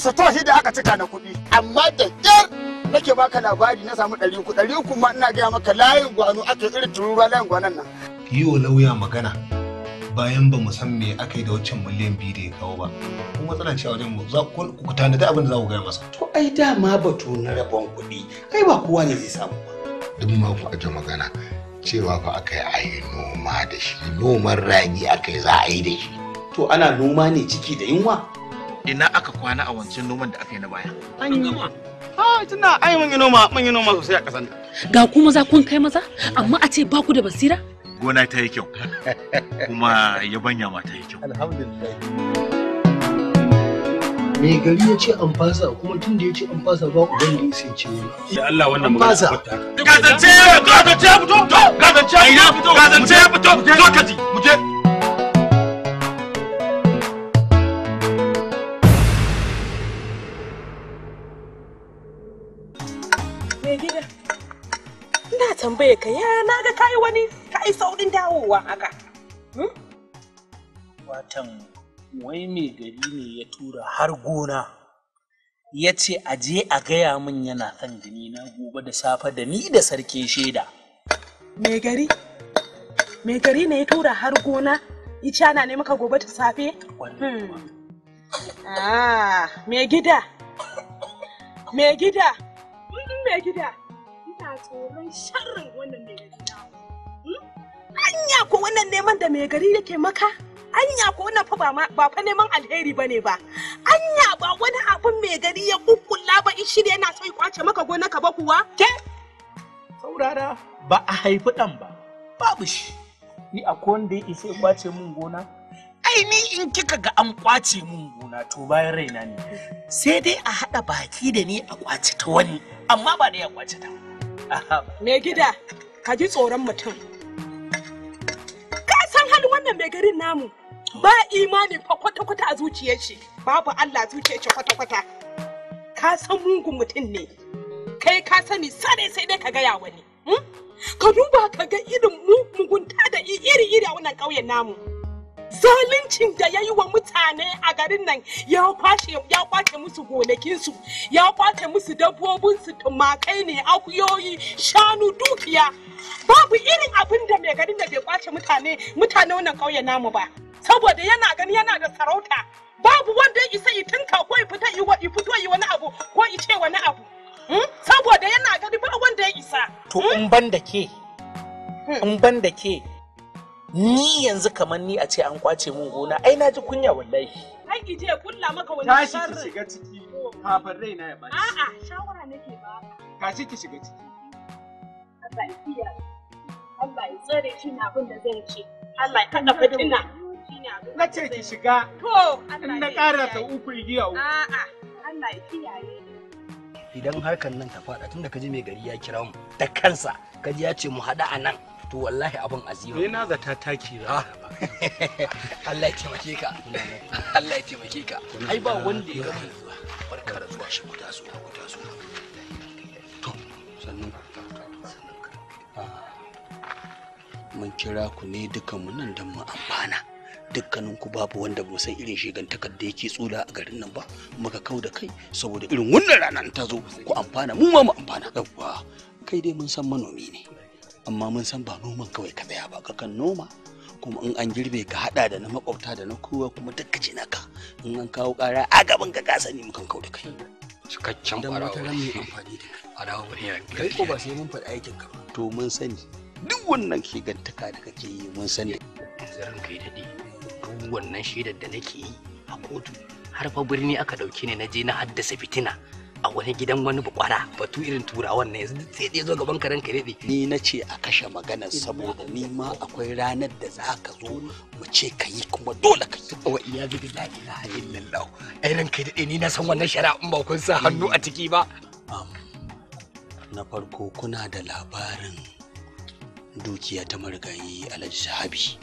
satoshi da aka cika na kuɗi amma da ƙyar nake baka labari na samu ɗari uku ɗari uku ma ina gaya maka layin gwano ake irin tururuwa layin gwanan nan. yi wa lauya magana bayan ba mu san me aka yi da waccan miliyan biyu da ya kawo ba kun matsala ce a wajen mu za ku ku tanada abin da za ku gaya masa. to ai dama batu na rabon kuɗi ai ba kowa ne zai samu ba. duk ma ku aje magana cewa fa aka yi ayi noma da shi noman rani aka yi za a yi da shi. to ana noma ne ciki da yunwa. ina aka kwana a wancan noman da aka yi na baya an yi Ah, tunda ai mun yi noma, mun yi noma sosai a kasan. Ga ku maza kun kai maza, amma a ce ba ku da basira? Gona ta yi kyau. Kuma yabanya ma ta yi kyau. Alhamdulillah. Me gari ya ce an fasa kuma tun da ya ce an fasa ba uban da ya sai ce Ya Allah wannan magana ta fata. Gazance ya fito, gazance fito, gazance fito, fito, zo ka ji, mu je. tambaye ka ya na ga kayi wani kai saurin dawowa haka hmm? watan wai mai gari ne ya tura har gona ya ce a je a gaya min yana son jini na gobe da safe da ni da sarki shaida mai gari mai gari ne ya tura har gona ica na ne maka gobe da safe hmm. ah, mai gida mai gida mai gida ina tsoron sharrin wannan mai gari na hmm? anya ko wannan neman da mai gari yake maka anya ko wannan fa ba fa neman alheri bane ba anya ba wani abun mai gari ya kukkulla ba in shi yana so ya kwace maka gonaka ba kuwa ke saurara ba a haifi ɗan ba babu shi ni akwai wanda ya isa ya kwace min gona ai ni in kika ga an kwace min gona to bayan raina ne sai dai a haɗa baki da ni a kwace ta wani amma ba da ya kwace ta Mai gida, ka ji tsoron mutum. Ka san halin wannan mai garin namu. Ba imani fa kwata-kwata a zuciyar shi, babu Allah zuciyar shi kwata-kwata. Ka san mugun mutum ne. Kai ka sani sare sai dai ka gaya wani. Hmm? Ka duba ka ga irin mugunta da iri-iri a wannan ƙauyen namu. zaluncin da ya yi wa mutane a garin nan ya kwace musu gonakinsu ya kwace musu dabbobinsu tumakai ne akuyoyi shanu dukiya babu irin abin da mai garin da bai kwace mutane mutane wannan ƙauye namu ba saboda yana gani yana da sarauta babu wanda ya isa itinka ko ya fito yi wani abu ko ya ce wani abu hmm? saboda yana gani ba wanda ya isa to in ban da ke hmm. in ban da ke ni yanzu kamar ni a ce an kwace mun gona ai na ji kunya wallahi ai ki je kulla maka wani tashi ki shiga ciki kafin rai na ya baci a'a shawara nake ba tashi ki shiga ciki Allah ya kiyaye Allah ya tsare shi na abin da zai ce Allah ya kada fitina na ce ki shiga to in na ƙara ta uku igiya uku a'a Allah ya kiyaye idan harkan nan ta faɗa tunda ka ji mai gari ya kira mu da kansa kaji ya ce mu haɗa a nan to wallahi abin azima ne na zata taki ra ah. Allah ya taimake ka Allah ya taimake ka ai ba wanda ya gama zuwa barka da zuwa shi guda zuwa guda zuwa to sannan ah. mun kira ku ne dukan mu nan don mu amfana dukkanin ku babu wanda mu san irin shigan da yake tsula a garin nan ba muka kau da kai saboda irin wannan rana ta zo ku amfana mu ma mu amfana yawwa kai dai mun san manomi ne amma mun san ba noman kawai ka tsaya ba kakan noma kuma in an girbe ka hada da na makwabta da na kowa kuma duk kaje naka in an kawo kara a gaban ka gasa ne mukan kawo da kai cikakken wa dan mai amfani da wa ne kai ko ba sai mun faɗi aikin ka to mun sani duk wannan shigantaka da kake yi mun sani zarin kai dadi duk wannan shaidar da nake yi a kotu har fa birni aka dauke ne na je na haddasa fitina a wani gidan wani bukwara batu irin turawan ne sai dai zo gaban karen ka daɗe. ni na ce a kashe magana saboda ni ma akwai ranar da za ka zo mu ce ka yi kuma dole ka yi. wa iya bi na ilaha illallah ai ran kai daɗe ni na san wannan shari'a in ba kun sa hannu a ciki ba. na farko kuna da labarin dukiya ta marigayi alhaji sahabi.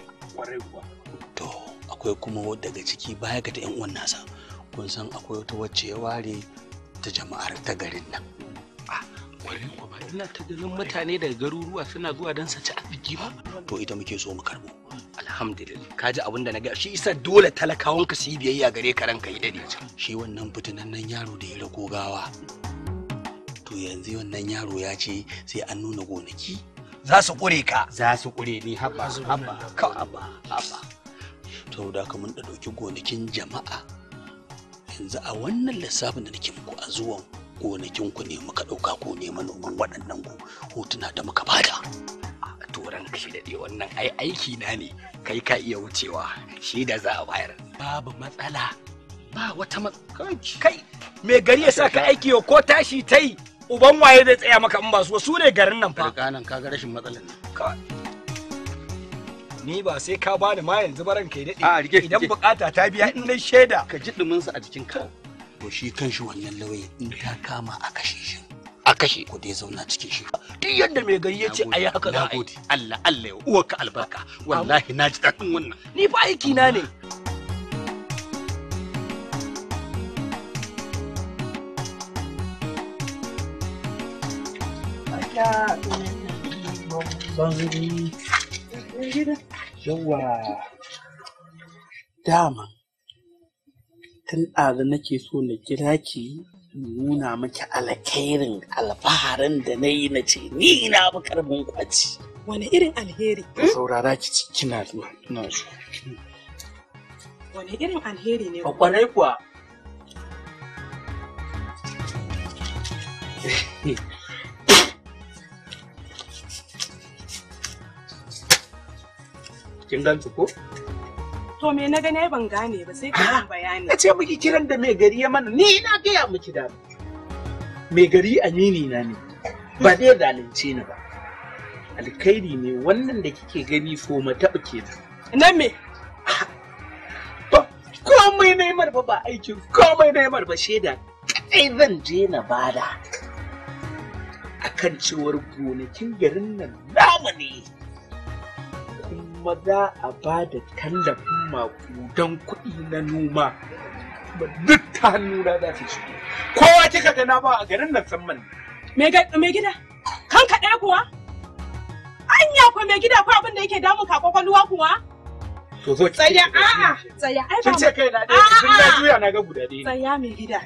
to akwai kuma daga ciki baya ga ta 'yan uwan nasa kun san akwai wata wacce ya ware ta jama'ar ta garin nan ina ta ganin mutane daga garuruwa suna zuwa don su ci arziki ba to ita muke so mu karbo alhamdulillah ka ji abin da na ga shi isa dole talakawanka su yi biyayya gare ka ranka yi dade shi wannan fitinannen yaro da ya rako gawa to yanzu wannan yaro ya ce sai an nuna gonaki za su ƙure ka za su ƙure ni haba haba ka haba haba to da ka mun ɗauki gonakin jama'a yanzu a wannan lissafin da nake muku a zuwan gonakinku ne muka ɗauka ko ne manoman waɗannan hotuna da muka bada a turan kashi da wannan ai aiki na ne kai ka iya wucewa shi da za a bayar babu matsala ba wata matsala kai me gari ya sa ka aiki ko tashi ta yi uban waye zai tsaya maka in ba su ne garin nan fa ka ga rashin matsalan nan ni ba sai ka bani ma yanzu baran kai daɗe idan bukata ta biya in dai shaida ka ji sa a jikin ka to shi kan shi wannan lauyan in ta kama a kashe shi a kashe ku dai zauna cikin shi duk yadda mai gari ya ce a yi haka za a yi Allah Allah ya uwarka albarka wallahi na ji daɗin wannan ni fa aiki na ne Yeah. yawa dama tun ɗazu nake so na kira ki nuna maki alkhairin alfaharin da na yi na ce ni na bi karbin kwaci wani irin alheri saurara ki zuwa zuwa wani irin alheri ne kuwa kin ganci ko to me na gane ban gane ba sai ka ah, bayani ce miki kiran da mai gari ya mana ni na gaya miki da mai gari amini na ne ba dai zalunce ni ba alkhairi ne wannan da kike gani ko ma taɓa ke nan me ah, komai na mar ba ba aikin komai na mar ba shaida kai zan je na bada akan cewar gonakin garin nan namu ne kuma za a ba da tallafin makudan kuɗi na noma duk ta nuna za ta shigo kowa kika gana na ba a garin nan man me gida kan kaɗa kuwa anya ko me gida ko abin da yake damu ka kwaluwa kuwa to zo tsaya a'a tsaya ai ba ce kai na da kin ga juya na ga guda dai tsaya me gida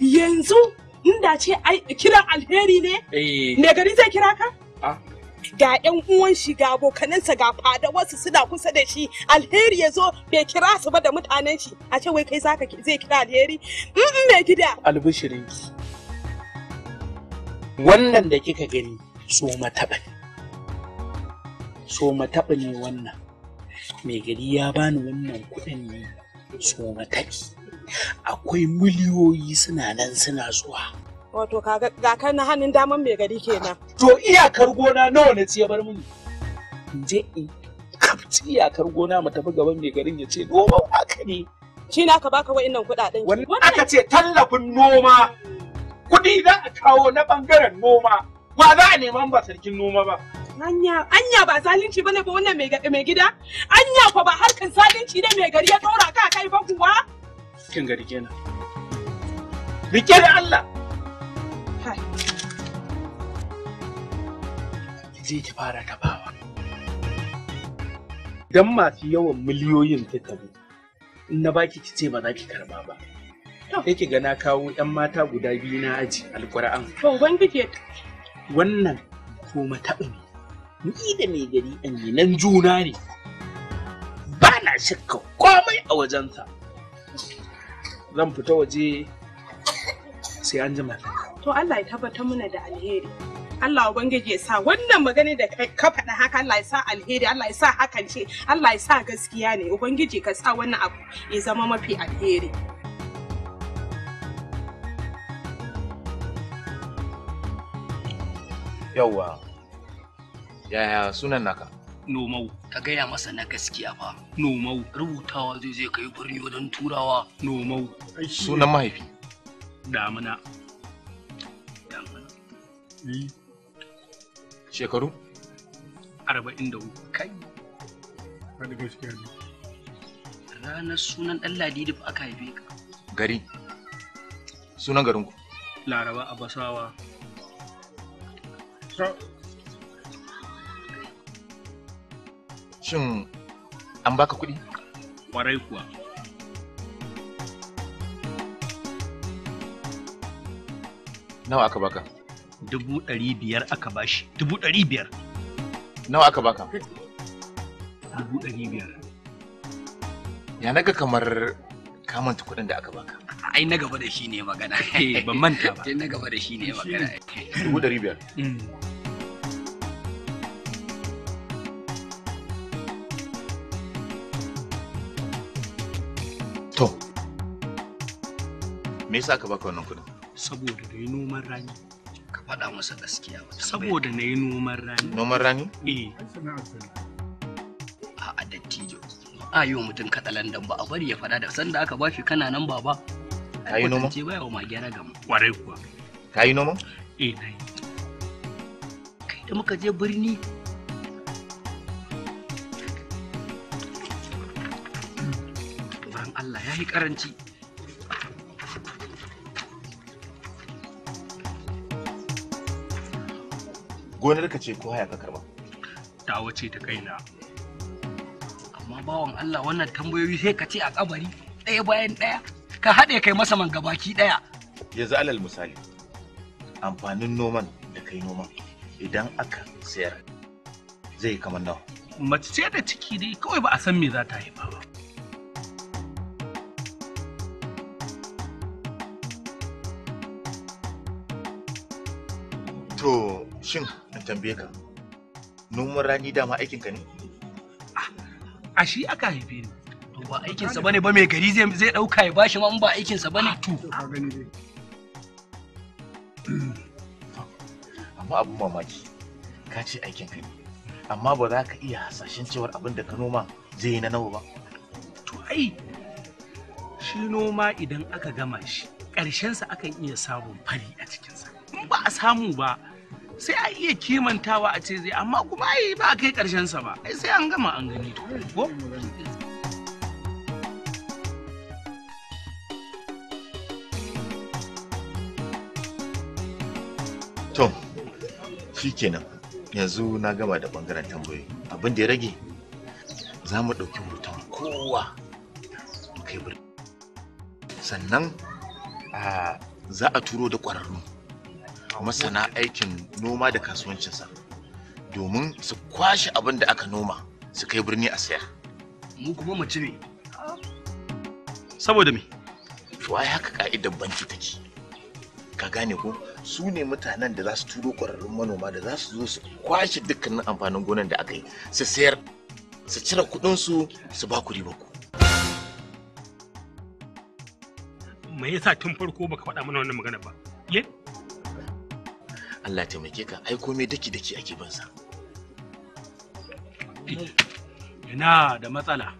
yanzu inda ce ai kiran alheri ne eh. me gari zai kira ka ah. ga yan uwan shi ga abokanansa ga fadawarsu suna kusa da shi alheri ya zo bai kira su ba da mutanen shi a ce wai kai zaka zai kira alheri in mm, mm, mai gida albishirin wannan da kika gani so mataɓa so mataɓa ne wannan mai gari ya bani wannan kuɗin ne so mataɓi akwai miliyoyi suna nan suna zuwa Wato ga na hannun daman mai gari kenan. To iyakar gona nawa na ce bar mini. In je in kafci iyakar gona mu tafi gaban mai garin ya ce noman haka ne. Shi na ka baka wa'innan kuɗaɗen. Wannan aka ce tallafin noma. Kuɗi za a kawo na ɓangaren noma. Ba za a neman ba sarkin noma ba. Anya, anya ba zalunci bane ba wannan mai gida? Anya ko ba harkan zalunci ne mai gari ya tora ka kai ba kuwa? Kin gari kenan. Rike da Allah. zai ki fara tabawa idan masu yawan miliyoyin ta tabo in na baki ki ce ba za ki karba ba yake ga na kawo yan mata guda biyu na aji alkur'an to ubangiji wannan ko ta ni da mai gari yi, nan juna ne ba na shakka komai a wajensa zan fita waje sai an jima to Allah ya tabbatar mana da alheri Allah ubangiji ya sa wannan magana da ka faɗa haka Allah ya sa alheri Allah ya sa hakan ce Allah ya sa gaskiya ne ubangiji ka sa wannan abu ya zama mafi alheri yawwa yaya sunan naka nomau ka gaya masa na gaskiya fa nomau rubutawa zai zai kai birni wajen turawa nomau sunan mahaifi damuna Shekaru? Arba'in da uku. Kai. Faɗi gaskiya ne. Ranar sunan ɗan Ladidi fa aka haife ka. Gari. Sunan garin ku Laraba Abasawa. Shin an baka kuɗi? Ƙwarai kuwa. Nawa aka baka? dubu ɗari biyar aka bashi dubu ɗari biyar nawa aka baka dubu ɗari biyar ya naga kamar kamanta kuɗin da aka baka ai na gaba da shi ne magana eh, ban manta ba eh, na gaba da shi ne magana dubu ɗari biyar mm. to me yasa aka baka wannan kuɗin saboda da yi noman rani faɗa masa gaskiya ba. Saboda na yi noman rani. Noman rani? Eh. A dattijo. A yi wa mutum dan ba a bari ya faɗa da sanda aka bashi kana nan baba. Ka yi noma? Ba yawa magyara gama. Kwarai kuwa. Ka yi noma? Eh na yi. Kai da muka je birni Allah ya yi karanci. gonar ka ce ko haya ka karba Ta wace ta kaina amma bawan Allah wannan tambayoyi sai ka ce a kabari ɗaya bayan ɗaya ka haɗe kai masa man gabaki ɗaya yanzu alal misali amfanin noman da kai noma idan aka sayar zai kamar nawa mace da ciki dai kawai ba a san me za ta haifa ba to shin in tambaye ka noman rani dama aikin ka ne a shi aka haife ni to ba aikin sa bane ba mai gari zai zai dauka ya bashi ma in ba aikin sa bane to amma abu mamaki ka ce aikin ka ne amma ba za ka iya hasashen cewar abin da ka noma zai yi na nawa ba to ai shi noma idan aka gama shi ƙarshensa akan iya samun fari a cikinsa in ba a samu ba sai a iya kimantawa a ce zai amma kuma ai ba a kai karshen sa ba sai an gama an gani ko to kenan. yanzu na gama da bangaren tambayoyi abin da ya rage za mu ɗauki hoton kowa kai sannan ah, za a turo da ƙwararru wato masana aikin noma da kasuwancinsa domin su kwashe abin da aka noma su kai birni a sayar. Mu kuma mu ne. Saboda me? To ai haka ka'idar banki ta take. Ka gane ko su ne mutanen da za su turo ƙwararrun manoma da za su zo su kwashe dukkanin amfanin gonan da aka yi su sayar su cire kuɗinsu su ba ku riba ku. Me yasa tun farko baka faɗa mana wannan magana ba? Allah taimake ka ai komai daki daki ake bin sa ina da matsala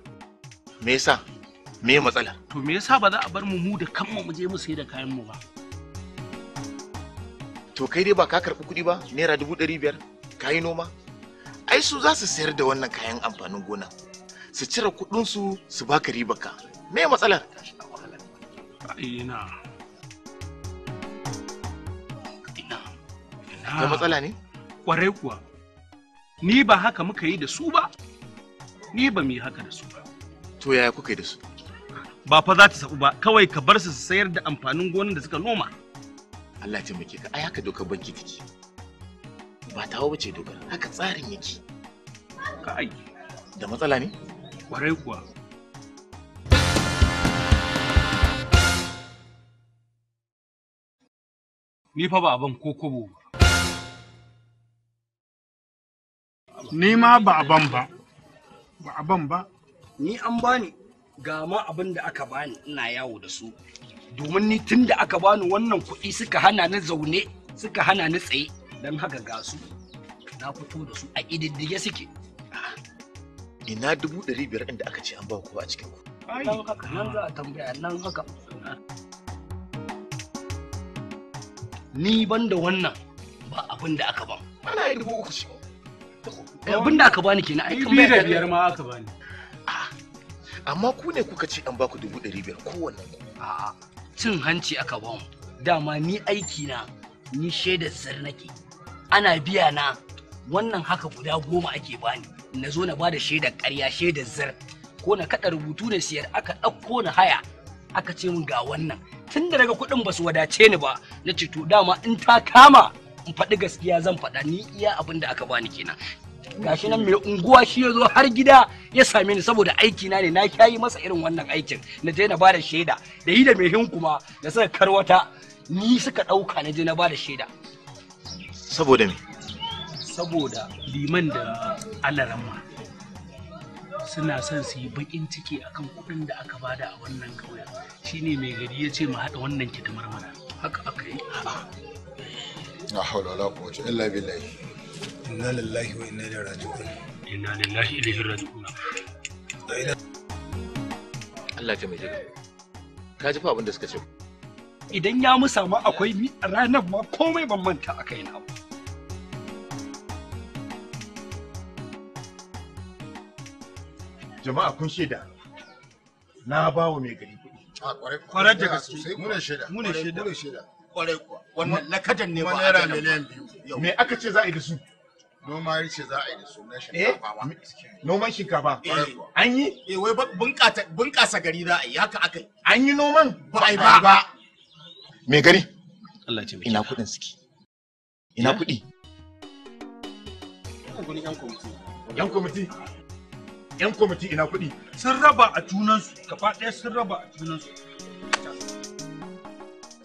me yasa me matsala to me yasa ba za a bar mu mu da kanmu mu je mu sai da kayan mu ba to kai dai ba ka karɓi kuɗi ba naira dubu ɗari biyar ka noma ai su za su sayar da wannan kayan amfanin gona su cire kuɗinsu su baka ribaka me matsalar ina da ah, matsala ne kwarai kuwa ni ba haka muka yi da su ba ni ba mu yi haka da su ba to yaya kuka yi da su ba fa za ta sabu ba kawai ka bar su su sayar da amfanin gonan da suka noma Allah ya taimake ka ai haka dokar banki take ba ta hau bace dokar haka tsarin yake ka ai da matsala ne kwarai kuwa ni fa ba abin ko kobo ba ni ma ba a ban ba ba a ban ba ni an bani ga ma abin da aka bani ina yawo da su domin ni tun da aka bani wannan kuɗi suka hana ni zaune suka hana ni tsaye don haka ga su na fito da su a ididdige suke ina dubu ɗari biyar inda aka ce an ba ku a cikin ku nan za a tambaya nan haka ni ban da wannan ba abin da aka ban ana yi dubu uku ce Eh, abin aka bani kenan ai da biyar ma aka bani ah, amma ku ne kuka ce an baku dubu ɗari biyar kowanne a'a cin hanci aka bamu dama ni aiki na ni shaidar sir nake ana biya na wannan haka guda goma ake bani na zo na ba da shaidar ƙarya shaidar zar ko na kaɗa rubutu na siyar aka ɗauko na haya aka ce min ga wannan tun da daga kuɗin ba su wadace ni ba na ce to dama in ta kama in faɗi gaskiya zan faɗa ni iya abin da aka bani kenan gashi nan mai unguwa shi ya zo har gida ya same ni saboda aiki na ne na kyayi masa irin wannan aikin na je na bada shaida da yi da mai hin kuma da suka karwata ni suka ɗauka na je na bada shaida saboda me saboda liman da alaramma suna son su yi bakin ciki akan kuɗin da aka bada a wannan ƙauyen shine mai gari ya ce mu haɗa wannan kitamar mana haka aka yi a'a la hawla wala quwwata illa billahi inna lillahi wa inna ilaihi raji'un inna lillahi ilaihi raji'un Allah ta mai jira ka ji fa abin da suka ce idan ya musa ma akwai ranar ma komai ban manta a kaina ba jama'a kun shaida na ba wa mai gari kuɗi. Kwarar ah, da gaske. Muna shaida. Kwarai kuwa. Wannan lakadan ne ba. a naira biyu. Me aka ce za a yi da su? noma rice za a yi da sunan eh? shinkafa noman shinkafa eh. an yi eh wai gari za a yi haka aka yi an yi noman ba ba me gari Allah ya ina kuɗin suke ina eh? kuɗi yan komiti yan komiti ina kuɗi sun raba a junansu gaba daya sun raba a junansu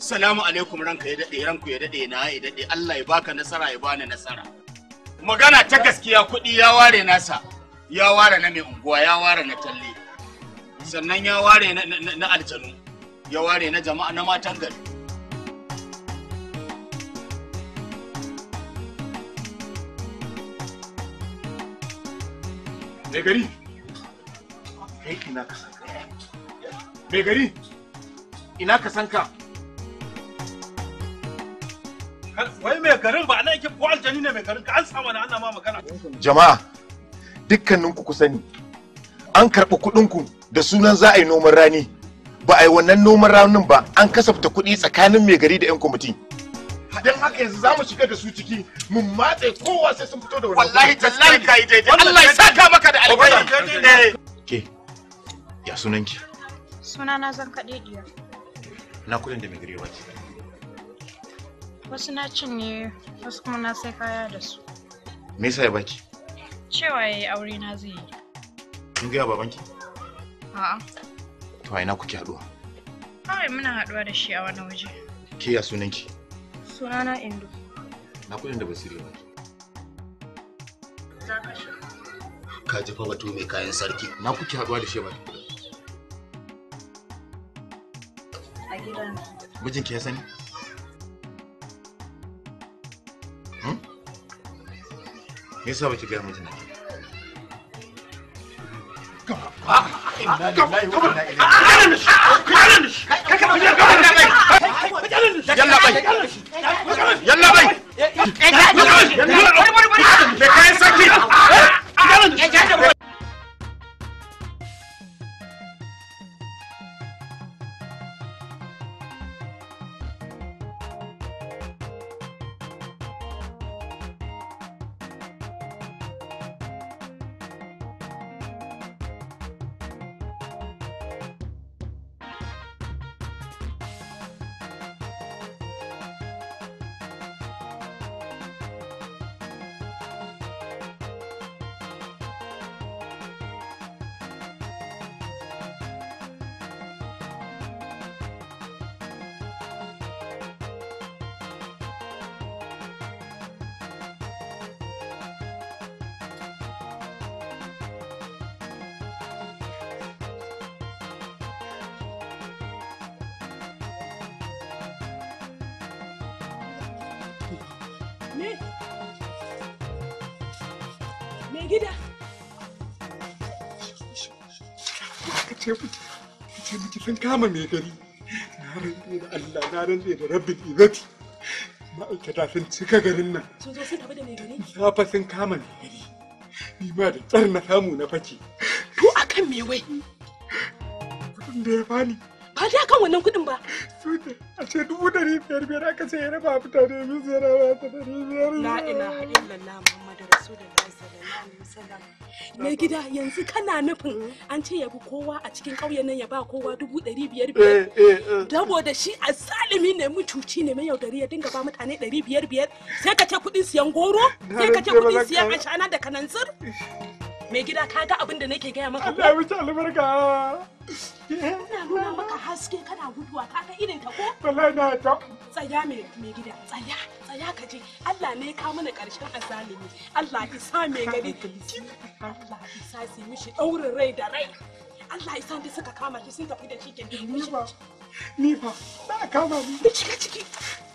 Salamu alaikum ranka ya daɗe ranku ya daɗe na ya daɗe Allah ya baka nasara ya bani nasara. magana ta gaskiya kuɗi ya ware nasa ya ware na mai unguwa ya ware na talle sannan ya ware na aljanu ya ware na jama'a na matan gari mai gari ina ka sanka mai gari ina ka sanka wai mai garin ba ana yake ko aljani ne mai garin ka an samu na ana ma magana jama'a dukkanin ku sani an karɓi kuɗin ku da sunan za a yi noman rani ba a yi wannan noman ranin ba an kasafta kuɗi tsakanin mai gari da 'yan kwamiti don haka yanzu zamu shiga da su ciki mun matse kowa sai sun fito da wannan wallahi tallahi kai daidai Allah ya saka maka da alƙairi eh. ke ya sunanki sunana zan kaɗe diya na kuɗin da mai gari ya wasu na cinye wasu kuma na sai kaya da su me yasa ya baki cewa yayi aure na zai yi kin ga babanki a'a to ina kuke haduwa kawai muna haduwa da shi a wani waje ke ya sunanki sunana indo na kudin da basiri ba za ka shi ka ji fa batu mai kayan sarki na kuke haduwa da shi ba a gidan mijinki ya sani me yasa baki gaya mata Me? gida? Ka ce miki, ka ce miki sun kama mai gari. Na rantse da Allah, na rantse da izati. Ma'aikata sun cika garin nan. Sun zo sun tafi da mai gari? Safa sun kama mai gari. Ni ma da tsar na samu na fake. To akan me wai? Kudin da ya bani. ba da kan wannan kuɗin ba. Sute, a ce dubu ɗari biyar biyar aka ce ya raba mutane min zai raba ta ɗari biyar. La ilaha illallah Muhammadu Rasulullahi sallallahu alaihi wasallam. Me gida yanzu kana nufin an ce ya bi kowa a cikin ƙauyen nan ya ba kowa dubu ɗari biyar biyar. Dabo eh, eh, eh. da shi a salimi ne mutuci ne mai yaudari ya dinga ba mutane ɗari biyar biyar sai ka ce kuɗin siyan goro sai ka ce kuɗin siyan ashana da kananzir. mai gida ka ga abin da nake gaya maka. Allah ya wuce albarka. Ina nuna maka haske kana guduwa kaga irin ta ko? Wallahi na ta. Tsaya mai gida, tsaya, tsaya ka je. Allah ne ka mana karshen azalimi. Allah isa mai gari. Allah isa su mishi daurin rai da rai. Allah isa da suka kama shi sun tafi da shi ke. Ni ba, ni ba, ba kama ni. Ki ciki.